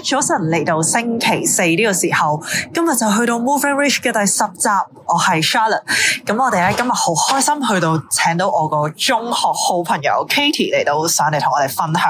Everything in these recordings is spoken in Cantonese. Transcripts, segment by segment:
早晨嚟到星期四呢個時候，今日就去到 Moving Reach 嘅第十集。我係 Charlotte，咁我哋咧今日好開心去到請到我個中學好朋友 Katie 嚟到上嚟同我哋分享。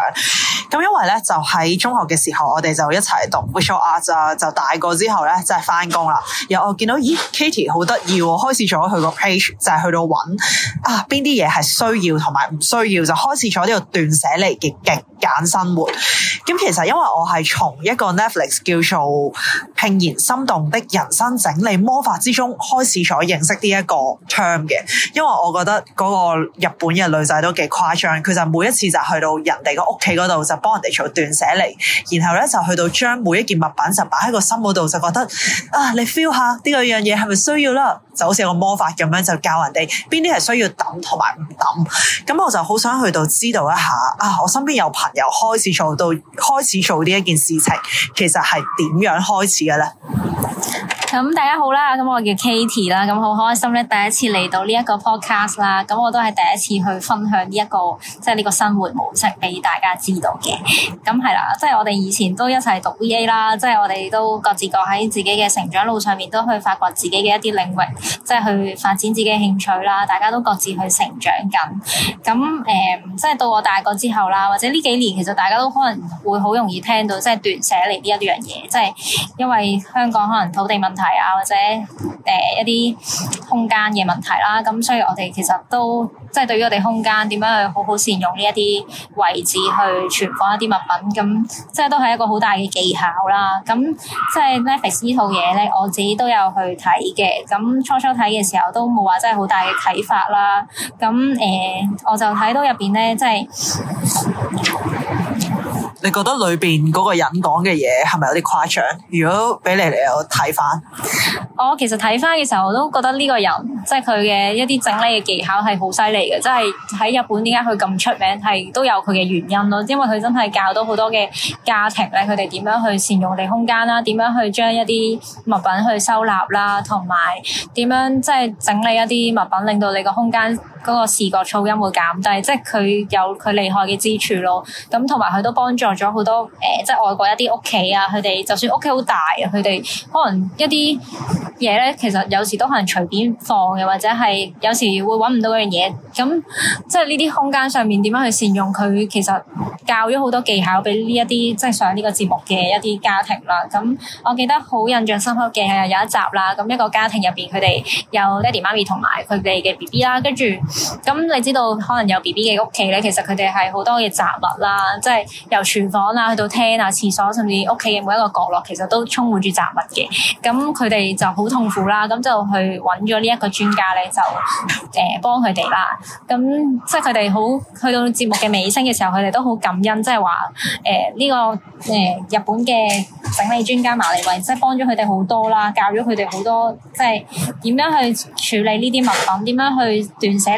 咁因為咧就喺中學嘅時候，我哋就一齊讀 Visual Arts 就大個之後咧就係翻工啦。又我見到咦 Katie 好得意，開始咗佢個 page 就係去到搵啊邊啲嘢係需要同埋唔需要，就開始咗呢個斷捨離極簡。揀生活，咁其實因為我係從一個 Netflix 叫做《怦然心動的人生整理魔法》之中開始咗認識呢一個 term 嘅，因為我覺得嗰個日本嘅女仔都幾誇張，佢就每一次就去到人哋個屋企嗰度就幫人哋做斷捨離，然後咧就去到將每一件物品就擺喺個心嗰度，就覺得啊，你 feel 下呢個樣嘢係咪需要啦？就好似個魔法咁樣，就教人哋邊啲係需要揼同埋唔揼。咁我就好想去到知道一下啊，我身邊有朋友開始做到開始做呢一件事情，其實係點樣開始嘅咧？咁大家好啦，咁我叫 Katie 啦，咁好開心咧，第一次嚟到呢一個 podcast 啦，咁我都係第一次去分享呢、這、一個即係呢個生活模式俾大家知道嘅，咁係啦，即係、就是、我哋以前都一齊讀 BA 啦，即係我哋都各自各喺自己嘅成長路上面都去發掘自己嘅一啲領域，即、就、係、是、去發展自己嘅興趣啦，大家都各自去成長緊，咁誒、即、嗯、係、就是、到我大個之後啦，或者呢幾年其實大家都可能會好容易聽到即係斷捨離呢一樣嘢，即、就、係、是、因為香港可能土地問題題啊，或者誒、呃、一啲空間嘅問題啦，咁所以我哋其實都即係對於我哋空間點樣去好好善用呢一啲位置去存放一啲物品，咁即係都係一個好大嘅技巧啦。咁即係 Netflix 呢套嘢呢，我自己都有去睇嘅。咁初初睇嘅時候都冇話真係好大嘅睇法啦。咁誒、呃，我就睇到入邊呢，即係。你覺得裏邊嗰個人講嘅嘢係咪有啲誇張？如果俾你嚟睇翻，我睇睇，我其實睇翻嘅時候，我都覺得呢個人即係佢嘅一啲整理嘅技巧係好犀利嘅，即係喺日本點解佢咁出名，係都有佢嘅原因咯。因為佢真係教到好多嘅家庭咧，佢哋點樣去善用地空間啦，點樣去將一啲物品去收納啦，同埋點樣即係整理一啲物品，令到你個空間。嗰個視覺噪音會減低，即係佢有佢厲害嘅之處咯。咁同埋佢都幫助咗好多誒、呃，即係外國一啲屋企啊，佢哋就算屋企好大啊，佢哋可能一啲嘢咧，其實有時都可能隨便放嘅，或者係有時會揾唔到嗰樣嘢。咁即係呢啲空間上面點樣去善用佢？其實教咗好多技巧俾呢一啲即係上呢個節目嘅一啲家庭啦。咁我記得好印象深刻嘅係有一集啦，咁一個家庭入邊佢哋有爹哋媽咪同埋佢哋嘅 BB 啦，跟住。咁你知道可能有 B B 嘅屋企咧，其實佢哋係好多嘅雜物啦，即係由廚房啊，去到廳啊、廁所、啊，甚至屋企嘅每一個角落，其實都充滿住雜物嘅。咁佢哋就好痛苦啦，咁就去揾咗呢一個專家咧，就誒幫佢哋啦。咁即係佢哋好去到節目嘅尾聲嘅時候，佢哋都好感恩，即係話誒呢個誒、呃、日本嘅整理專家麻理惠，即係幫咗佢哋好多啦，教咗佢哋好多，即係點樣去處理呢啲物品，點樣去斷捨。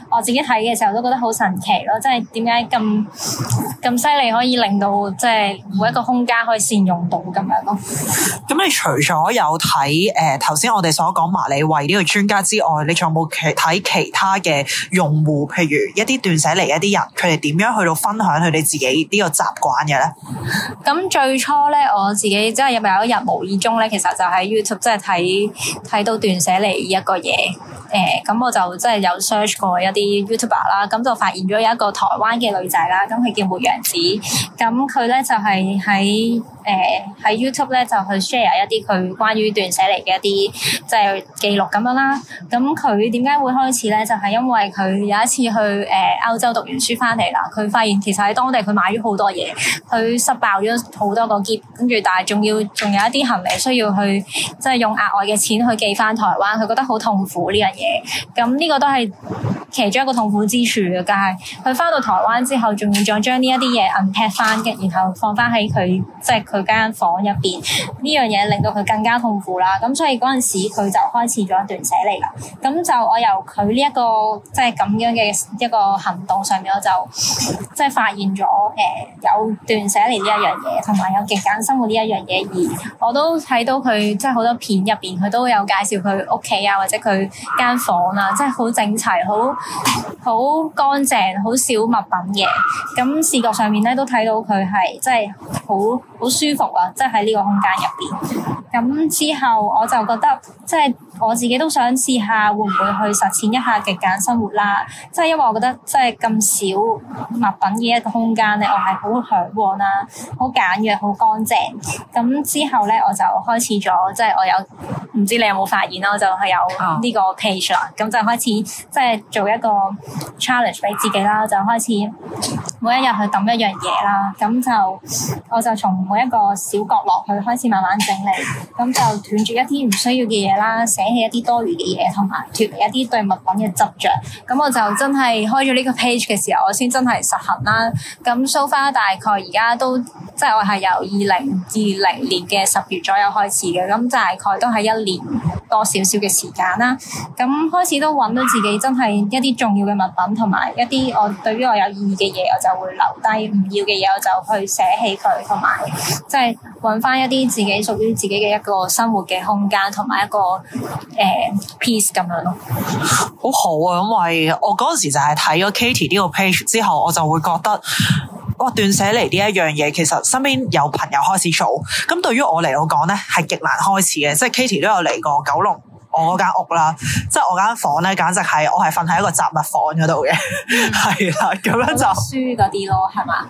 我自己睇嘅時候都覺得好神奇咯，即係點解咁咁犀利可以令到即係每一個空間可以善用到咁樣咯。咁你除咗有睇誒頭先我哋所講麻理惠呢、這個專家之外，你仲有冇其睇其他嘅用戶，譬如一啲斷捨離一啲人，佢哋點樣去到分享佢哋自己個呢個習慣嘅咧？咁最初咧，我自己即係有冇有一日無意中咧，其實就喺 YouTube 即係睇睇到斷捨離一個嘢，誒、呃、咁我就即係有 search 過一啲。YouTuber 啦，咁就發現咗有一個台灣嘅女仔啦，咁佢叫末陽子，咁佢咧就係喺。誒喺、呃、YouTube 咧就去 share 一啲佢關於斷捨離嘅一啲即係記錄咁樣啦。咁佢點解會開始咧？就係、是、因為佢有一次去誒、呃、歐洲讀完書翻嚟啦。佢發現其實喺當地佢買咗好多嘢，佢塞爆咗好多個篋，跟住但係仲要仲有一啲行李需要去即係、就是、用額外嘅錢去寄翻台灣。佢覺得好痛苦呢樣嘢。咁呢個都係其中一個痛苦之處嘅。但係佢翻到台灣之後，仲要再將呢一啲嘢 unpack 翻嘅，然後放翻喺佢即係。就是佢間房入邊呢樣嘢令到佢更加痛苦啦，咁所以陣時佢就開始咗斷捨離啦。咁就我由佢呢一個即係咁樣嘅一個行動上面，我就即係、就是、發現咗誒、呃、有斷捨離呢一樣嘢，同埋有極簡生活呢一樣嘢。而我都睇到佢即係好多片入邊佢都有介紹佢屋企啊，或者佢間房啊，即係好整齊好好乾淨好少物品嘅。咁視覺上面咧都睇到佢係即係好好。就是舒服啊！即係喺呢個空間入邊。咁、嗯、之後我就覺得，即係我自己都想試下，會唔會去實踐一下極簡生活啦？即係因為我覺得，即係咁少物品嘅一個空間咧，我係好嚮往啦，好簡約，好乾淨。咁、嗯、之後咧，我就開始咗，即係我有唔知你有冇發現啦，我就係有呢個 page 啦。咁、oh. 嗯、就開始即係做一個 challenge 俾自己啦，就開始每一日去抌一樣嘢啦。咁、嗯、就我就從每一個小角落去開始慢慢整理，咁就斷絕一啲唔需要嘅嘢啦，捨棄一啲多餘嘅嘢，同埋脫離一啲對物品嘅執着。咁我就真係開咗呢個 page 嘅時候，我先真係實行啦。咁 so far 大概而家都即係我係由二零二零年嘅十月左右開始嘅，咁大概都係一年多少少嘅時間啦。咁開始都揾到自己真係一啲重要嘅物品，同埋一啲我對於我有意義嘅嘢，我就會留低唔要嘅嘢，我就去捨棄佢，同埋，即係揾翻一啲自己屬於自己嘅一個生活嘅空間，同埋一個誒、呃、peace 咁樣咯。好好啊，因為我嗰陣時就係睇咗 Katie 呢個 page 之後，我就會覺得，哇，斷捨離呢一樣嘢，其實身邊有朋友開始做，咁對於我嚟我講咧，係極難開始嘅。即係 Katie 都有嚟過九龍。我嗰間屋啦，即係我間房咧，簡直係我係瞓喺一個雜物房嗰度嘅，係啦、嗯，咁 樣就書嗰啲咯，係嘛？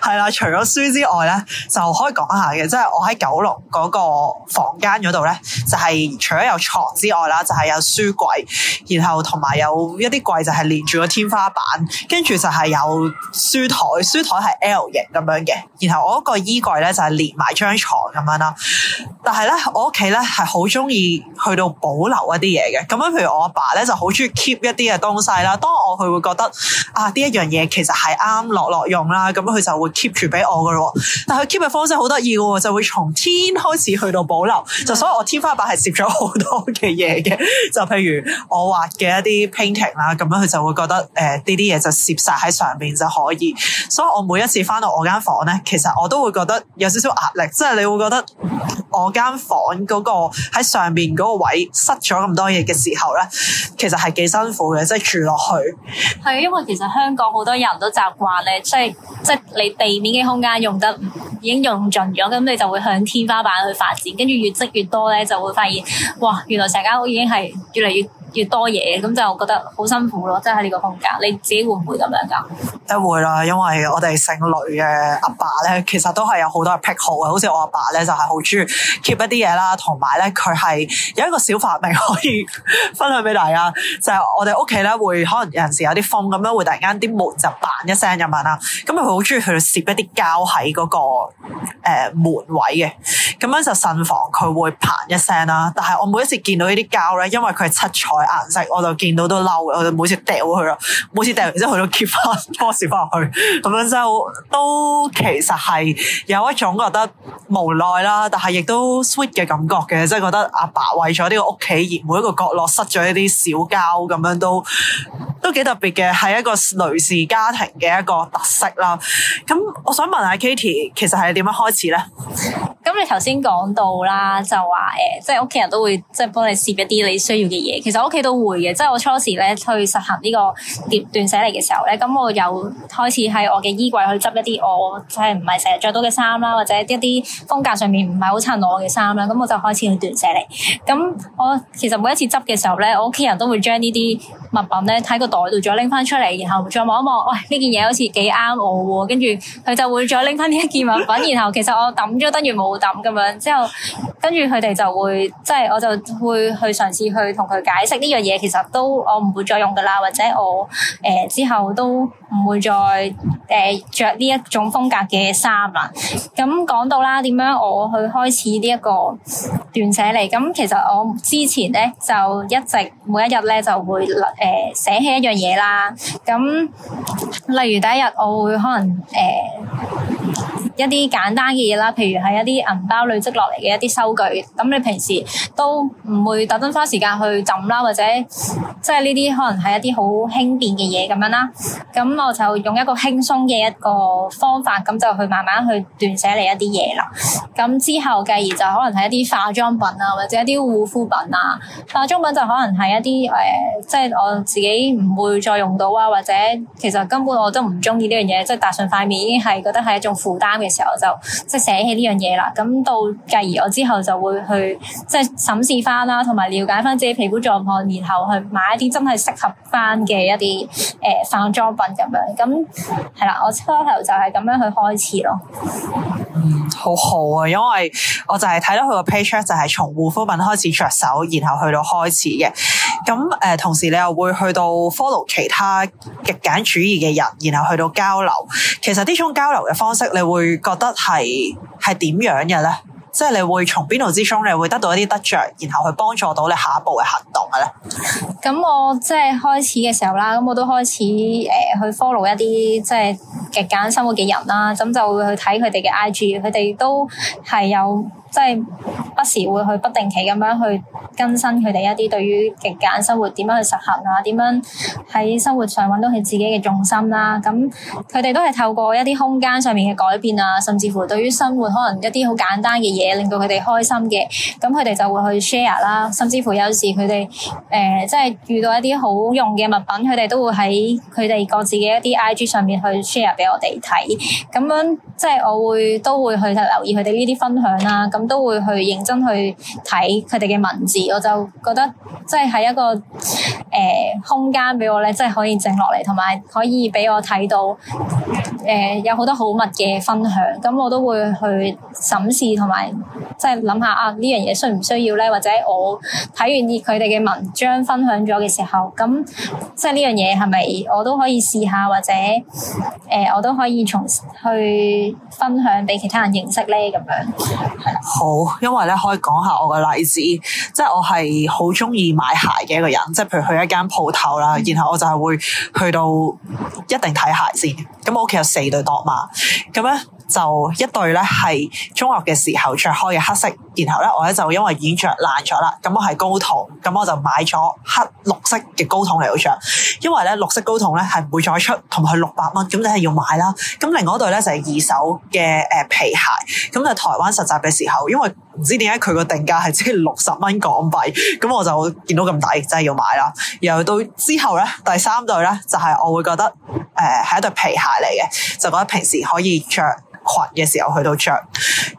係啦，除咗書之外咧，就可以講下嘅，即係我喺九龍嗰個房間嗰度咧，就係、是、除咗有床之外啦，就係、是、有書櫃，然後同埋有一啲櫃就係連住個天花板，跟住就係有書台，書台係 L 型咁樣嘅，然後我嗰個衣櫃咧就係、是、連埋張床咁樣啦。但係咧，我屋企咧係好中意去到補。保留一啲嘢嘅，咁樣譬如我阿爸咧就好中意 keep 一啲嘅東西啦。當我佢會覺得啊，呢一樣嘢其實係啱落落用啦，咁佢就會 keep 住俾我噶咯。但係佢 keep 嘅方式好得意噶，就會從天開始去到保留，嗯、就所以我天花板係攝咗好多嘅嘢嘅。就譬如我畫嘅一啲 painting 啦，咁樣佢就會覺得誒呢啲嘢就攝晒喺上面就可以。所以我每一次翻到我間房咧，其實我都會覺得有少少壓力，即係你會覺得。我間房嗰個喺上面嗰個位塞咗咁多嘢嘅時候咧，其實係幾辛苦嘅，即係住落去。係因為其實香港好多人都習慣咧，即係即係你地面嘅空間用得已經用盡咗，咁你就會向天花板去發展，跟住越積越多咧，就會發現哇，原來成間屋已經係越嚟越～越多嘢咁就我覺得好辛苦咯，即係喺呢個空間，你自己會唔會咁樣噶？都會啦，因為我哋姓雷嘅阿爸咧，其實都係有好多癖好嘅，好似我阿爸咧就係好中意 keep 一啲嘢啦，同埋咧佢係有一個小發明可以 分享俾大家，就係、是、我哋屋企咧會可能有陣時有啲風咁樣，會突然間啲門就嘭一聲咁樣啦，咁佢好中意去攝一啲膠喺嗰、那個誒、呃、門位嘅，咁樣就慎防佢會嘭一聲啦。但係我每一次見到呢啲膠咧，因為佢係七彩。顏色我就見到都嬲，我就每次掉佢咯，每次掉完之後佢都 keep 翻，保持翻去，咁 樣就都其實係有一種覺得無奈啦，但係亦都 sweet 嘅感覺嘅，即係覺得阿爸為咗呢個屋企而每一個角落塞咗一啲小膠，咁樣都都幾特別嘅，係一個女士家庭嘅一個特色啦。咁我想問下 Katie，其實係點樣開始咧？咁你頭先講到啦，就話誒、欸，即係屋企人都會即係幫你攝一啲你需要嘅嘢。其實我屋企都會嘅，即係我初時咧去實行呢個斷捨離嘅時候咧，咁我有開始喺我嘅衣櫃去執一啲我就係唔係成日着到嘅衫啦，或者一啲風格上面唔係好襯我嘅衫啦。咁我就開始去斷捨離。咁我其實每一次執嘅時候咧，我屋企人都會將呢啲物品咧喺個袋度，再拎翻出嚟，然後再望一望，喂、哎，呢件嘢好似幾啱我喎。跟住佢就會再拎翻呢一件物品，然後其實我抌咗，等於冇。咁咁樣之後，跟住佢哋就會即係，我就會去嘗試去同佢解釋呢樣嘢。其實都我唔會再用㗎喇，或者我誒、呃、之後都唔會再誒著呢一種風格嘅衫啦。咁、嗯、講到啦，點樣我去開始呢一個斷捨離？咁、嗯、其實我之前咧就一直每一日咧就會誒、呃、寫起一樣嘢啦。咁、嗯、例如第一日我會可能誒。呃一啲簡單嘅嘢啦，譬如係一啲銀包累積落嚟嘅一啲收據，咁你平時都唔會特登花時間去揼啦，或者即係呢啲可能係一啲好輕便嘅嘢咁樣啦。咁我就用一個輕鬆嘅一個方法，咁就去慢慢去斷捨離一啲嘢啦。咁之後繼而就可能係一啲化妝品啊，或者一啲護膚品啊，化妝品就可能係一啲誒，即、呃、係、就是、我自己唔會再用到啊，或者其實根本我都唔中意呢樣嘢，即係搭上塊面已經係覺得係一種負擔。嘅時候就即係寫起呢樣嘢啦，咁到繼而我之後就會去即係審視翻啦，同埋了解翻自己皮膚狀況，然後去買一啲真係適合翻嘅一啲誒、呃、化妝品咁樣，咁係啦，我初頭就係咁樣去開始咯。嗯，好好啊，因為我就係睇到佢個 page 就係從護膚品開始着手，然後去到開始嘅。咁誒，同時你又會去到 follow 其他極簡主義嘅人，然後去到交流。其實呢種交流嘅方式，你會覺得係係點樣嘅咧？即係你會從邊度之中，你會得到一啲得着，然後去幫助到你下一步嘅行動嘅咧？咁我即係開始嘅時候啦，咁我都開始誒去 follow 一啲即係極簡生活嘅人啦。咁就會去睇佢哋嘅 IG，佢哋都係有即係、即係、不時會去不定期咁樣去更新佢哋一啲對於極簡生活點樣去實行啊，點樣喺生活上揾到佢自己嘅重心啦。咁佢哋都係透過一啲空間上面嘅改變啊，甚至乎對於生活可能一啲好簡單嘅嘢，令到佢哋開心嘅。咁佢哋就會去 share 啦，甚至乎有時佢哋誒即係遇到一啲好用嘅物品，佢哋都會喺佢哋各自嘅一啲 IG 上面去 share 俾我哋睇。咁樣即係我會都會去留意佢哋呢啲分享啦，咁都會去認真去睇佢哋嘅文字。我就覺得即係係一個誒、呃、空間俾我咧，即係可以靜落嚟，同埋可以俾我睇到誒、呃、有好多好密嘅分享。咁我都會去審視同埋即係諗下啊，呢樣嘢需唔需要咧？或者我睇完佢哋嘅文章分享咗嘅時候，咁即係呢樣嘢係咪我都可以試下，或者誒我都可以從去分享俾其他人認識咧？咁樣，係好，因為咧可以講下我嘅例子，即係。我係好中意買鞋嘅一個人，即係譬如去一間鋪頭啦，然後我就係會去到一定睇鞋先。咁我屋企有四對度嘛，咁咧就一對咧係中學嘅時候着開嘅黑色，然後咧我咧就因為已經着爛咗啦，咁我係高筒，咁我就買咗黑綠色嘅高筒嚟到着，因為咧綠色高筒咧係唔會再出，同埋六百蚊，咁你係要買啦。咁另外一對咧就係二手嘅誒皮鞋，咁喺台灣實習嘅時候，因為，唔知點解佢個定價係只係六十蚊港幣，咁我就見到咁抵，真係要買啦。然後到之後咧，第三對咧就係、是、我會覺得誒係、呃、一對皮鞋嚟嘅，就覺得平時可以着。裙嘅時候去到着，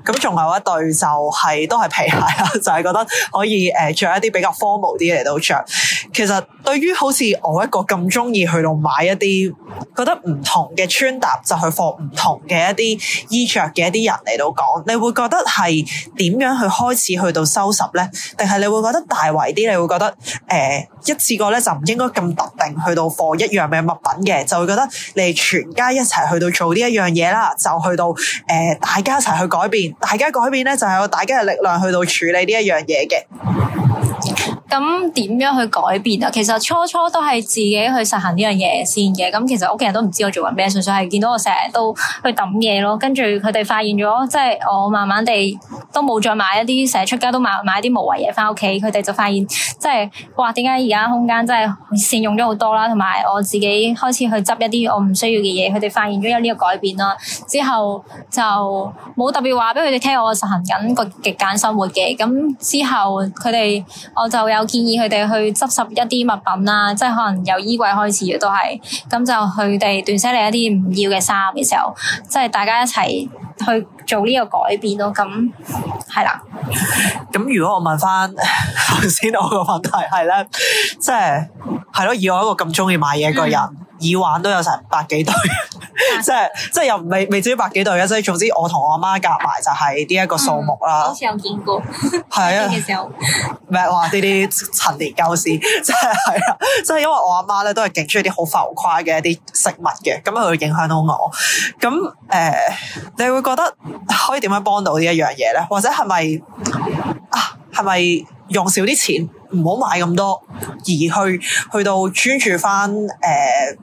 咁仲有一對就係、是、都係皮鞋啦， 就係覺得可以誒着、呃、一啲比較 formal 啲嚟到着。其實對於好似我一個咁中意去到買一啲覺得唔同嘅穿搭，就去放唔同嘅一啲衣着嘅一啲人嚟到講，你會覺得係點樣去開始去到收拾咧？定係你會覺得大圍啲？你會覺得誒、呃、一次過咧就唔應該咁特定去到放一樣嘅物品嘅，就會覺得你哋全家一齊去到做呢一樣嘢啦，就去到。誒、呃，大家一齊去改變，大家改變咧，就係有大家嘅力量去到處理呢一樣嘢嘅？咁點樣去改變啊？其實初初都係自己去實行呢樣嘢先嘅。咁其實屋企人都唔知我做緊咩，純粹係見到我成日都去揼嘢咯。跟住佢哋發現咗，即係我慢慢地都冇再買一啲，成日出街都買買啲無謂嘢翻屋企。佢哋就發現，即係哇，點解而家空間真係善用咗好多啦。同埋我自己開始去執一啲我唔需要嘅嘢，佢哋發現咗有呢個改變啦。之後就冇特別話俾佢哋聽，我實行緊個極簡生活嘅。咁之後佢哋我就。有建議佢哋去執拾一啲物品啦，即係可能由衣櫃開始都係，咁就佢哋斷捨離一啲唔要嘅衫嘅時候，即係大家一齊去做呢個改變咯。咁係啦。咁 如果我問翻頭先我個問題係咧，即係係咯，以我一個咁中意買嘢嘅人、嗯。耳環都有成百幾對， 即係即係又未至於百幾對，嗯、 對啊！即係總之我同我阿媽夾埋就係呢一個數目啦。好似有見過，係啊，咩話呢啲陳年舊事，即係係啦，即係 因為我阿媽咧都係勁鍾意啲好浮誇嘅一啲食物嘅，咁佢會影響到我。咁誒、呃，你會覺得可以點樣幫到呢一樣嘢咧？或者係咪啊？係咪用少啲錢？唔好買咁多，而去去到專注翻誒、呃，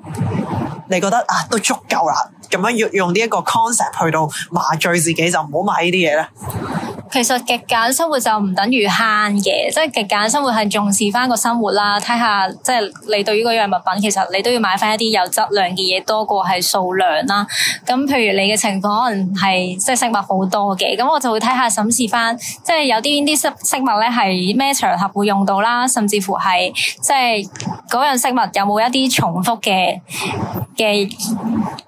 你覺得啊都足夠啦，咁樣用用呢一個 concept 去到麻醉自己，就唔好買呢啲嘢喇。其實極簡生活就唔等於慳嘅，即係極簡生活係重視翻個生活啦。睇下即係你對於嗰樣物品，其實你都要買翻一啲有質量嘅嘢，多過係數量啦。咁譬如你嘅情況可能係即係飾物好多嘅，咁我就會睇下審視翻，即係有啲啲飾物呢係咩場合會用到啦，甚至乎係即係嗰樣飾物有冇一啲重複嘅嘅。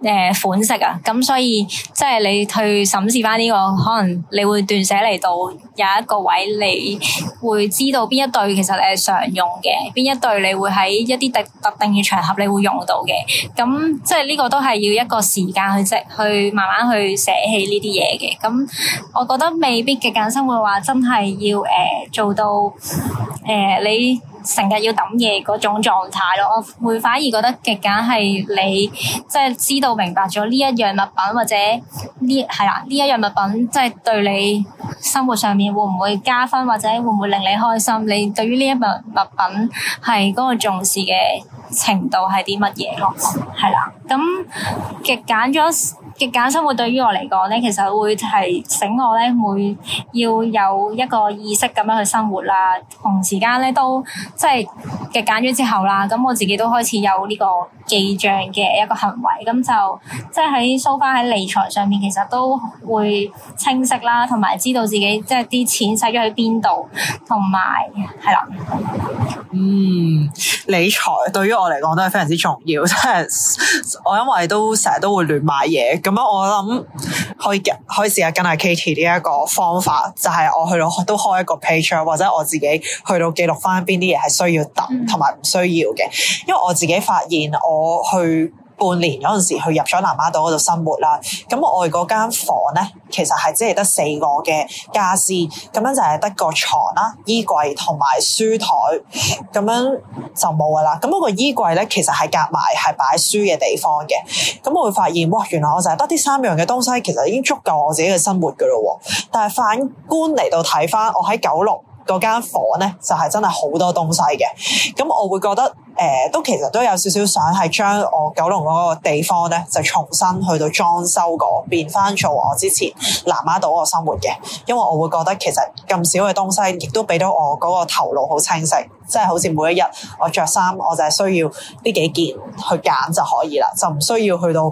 誒、呃、款式啊，咁、嗯、所以即係你去審視翻、這、呢個，可能你會斷捨離到有一個位，你會知道邊一對其實你係常用嘅，邊一對你會喺一啲特特定嘅場合你會用到嘅。咁、嗯、即係呢個都係要一個時間去即去慢慢去捨棄呢啲嘢嘅。咁、嗯、我覺得未必極簡生活話真係要誒、呃、做到誒、呃、你。成日要抌嘢嗰種狀態咯，我會反而覺得極簡係你即係知道明白咗呢一樣物品或者呢係啦呢一樣物品即係對你生活上面會唔會加分或者會唔會令你開心？你對於呢一物物品係嗰個重視嘅程度係啲乜嘢咯？係啦，咁極簡咗。極簡生活對於我嚟講咧，其實會係醒我咧，會要有一個意識咁樣去生活啦，同時間咧都即係。嘅揀咗之後啦，咁我自己都開始有呢個記賬嘅一個行為，咁就即係喺收翻喺理財上面，其實都會清晰啦，同埋知道自己即係啲錢使咗喺邊度，同埋係啦。嗯，理財對於我嚟講都係非常之重要，即係我因為都成日都會亂買嘢，咁樣我諗可以可以試下跟下 Katie 呢一個方法，就係、是、我去到都開一個 page，或者我自己去到記錄翻邊啲嘢係需要揼。嗯同埋唔需要嘅，因為我自己發現我去半年嗰陣時去入咗南丫島嗰度生活啦。咁我外嗰間房咧，其實係只係得四個嘅傢俬，咁樣就係得個床啦、衣櫃同埋書台咁樣就冇噶啦。咁、那、嗰個衣櫃咧，其實係夾埋係擺書嘅地方嘅。咁我會發現，哇！原來我就係得啲三樣嘅東西，其實已經足夠我自己嘅生活噶咯，但係反觀嚟到睇翻，我喺九龍。嗰間房咧就係、是、真係好多東西嘅，咁我會覺得誒、呃、都其實都有少少想係將我九龍嗰個地方咧就重新去到裝修過，變翻做我之前南丫島我生活嘅，因為我會覺得其實咁少嘅東西，亦都俾到我嗰個頭腦好清晰。即係好似每一日我着衫，我就係需要呢幾件去揀就可以啦，就唔需要去到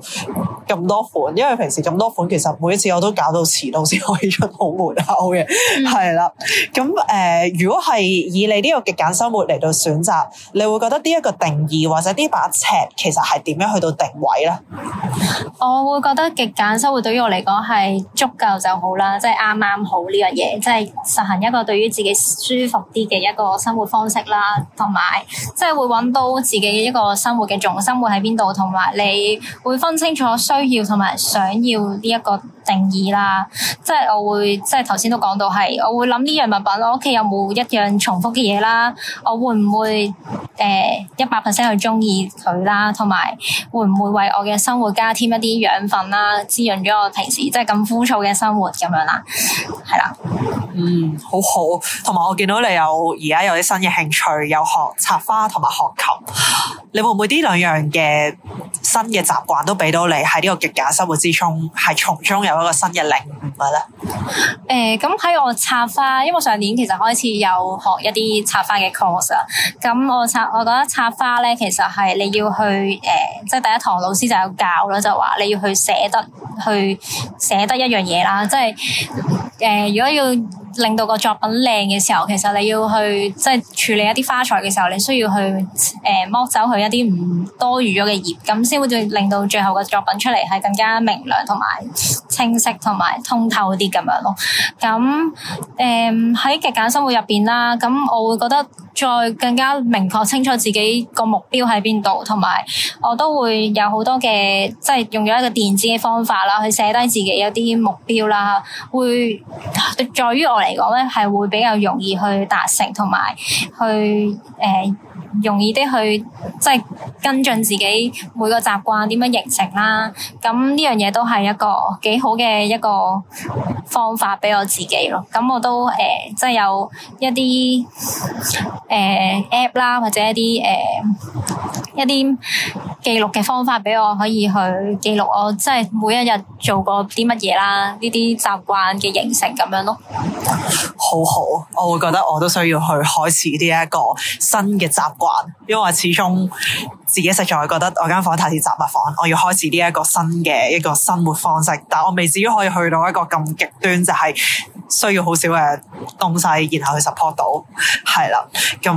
咁多款，因為平時咁多款，其實每一次我都搞到遲到先可以出到門口嘅，係啦、嗯。咁誒、呃、如果係以你呢個極簡生活嚟到選擇，你會覺得呢一個定義或者呢把尺其實係點樣去到定位咧？我會覺得極簡生活對於我嚟講係足夠就好啦，即係啱啱好呢樣嘢，即係實行一個對於自己舒服啲嘅一個生活方式。啦，同埋即係會揾到自己一個生活嘅重心會，會喺邊度，同埋你會分清楚需要同埋想要呢、這、一個，定義啦，即係我會，即係頭先都講到係，我會諗呢樣物品，我屋企有冇一樣重複嘅嘢啦，我會唔會誒一百 percent 去中意佢啦，同埋會唔會為我嘅生活加添一啲養分啦，滋潤咗我平時即係咁枯燥嘅生活咁樣啦，係啦，嗯，好好，同埋我見到你有而家有啲新嘅興趣，有學插花同埋學琴，你會唔會呢兩樣嘅新嘅習慣都俾到你喺呢個極簡生活之中，係從中有。有一個新嘅零，係啦、呃。誒，咁喺我插花，因為上年其實開始有學一啲插花嘅 course 啊。咁我插，我覺得插花咧，其實係你要去誒、呃，即係第一堂老師就有教啦，就話你要去捨得去捨得一樣嘢啦，即係誒、呃，如果要。令到個作品靚嘅時候，其實你要去即係、就是、處理一啲花材嘅時候，你需要去誒、呃、剝走佢一啲唔多餘咗嘅葉，咁先會仲令到最後個作品出嚟係更加明亮同埋清晰同埋通透啲咁樣咯。咁誒喺極簡生活入邊啦，咁我會覺得。再更加明確清楚自己個目標喺邊度，同埋我都會有好多嘅，即係用咗一個電子嘅方法啦，去寫低自己有啲目標啦，會在於我嚟講咧，係會比較容易去達成，同埋去誒、呃、容易啲去即係跟進自己每個習慣點樣形成啦。咁呢樣嘢都係一個幾好嘅一個方法俾我自己咯。咁我都誒、呃，即係有一啲。誒、呃、app 啦，或者一啲誒、呃、一啲記錄嘅方法我，俾我可以去記錄我即係每一日做過啲乜嘢啦，呢啲習慣嘅形成咁樣咯。好好，我會覺得我都需要去開始呢一個新嘅習慣，因為我始終，自己實在覺得我間房太似雜物房，我要開始呢一個新嘅一個生活方式，但我未至於可以去到一個咁極端，就係需要好少嘅東西，然後去 support 到，係啦，咁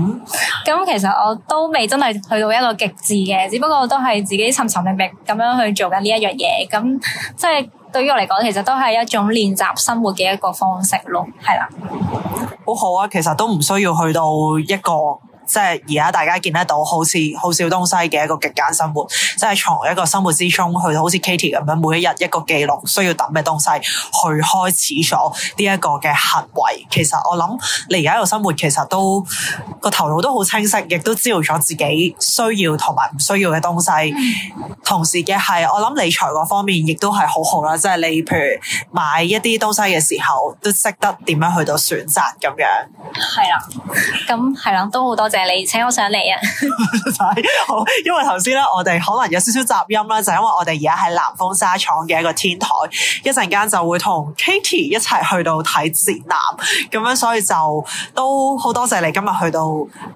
咁其實我都未真係去到一個極致嘅，只不過都係自己尋尋覓覓咁樣去做緊呢一樣嘢，咁即係對於我嚟講，其實都係一種練習生活嘅一個方式咯，係啦，好好啊，其實都唔需要去到一個。即係而家大家見得到，好似好少東西嘅一個極簡生活，即係從一個生活之中，去到好似 Katie 咁樣，每一日一個記錄需要抌嘅東西，去開始咗呢一個嘅行為。其實我諗你而家個生活其實都個頭腦都好清晰，亦都知道咗自己需要同埋唔需要嘅東西。嗯、同時嘅係，我諗理財方面亦都係好好啦。即係你譬如買一啲東西嘅時候，都識得點樣去到選擇咁樣。係啦，咁係啦，都好多謝謝你請我上嚟啊！好，因為頭先咧，我哋可能有少少雜音啦，就是、因為我哋而家喺南豐紗廠嘅一個天台，一陣間就會同 Katie 一齊去到睇展覽，咁樣所以就都好多謝你今日去到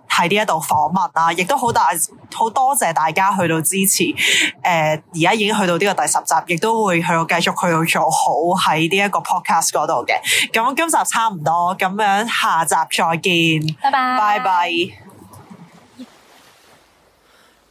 睇呢一度訪問啦，亦都好大好多謝大家去到支持。誒、呃，而家已經去到呢個第十集，亦都會去繼續去到做好喺呢一個 podcast 嗰度嘅，咁今集差唔多，咁樣下集再見，拜拜，拜拜。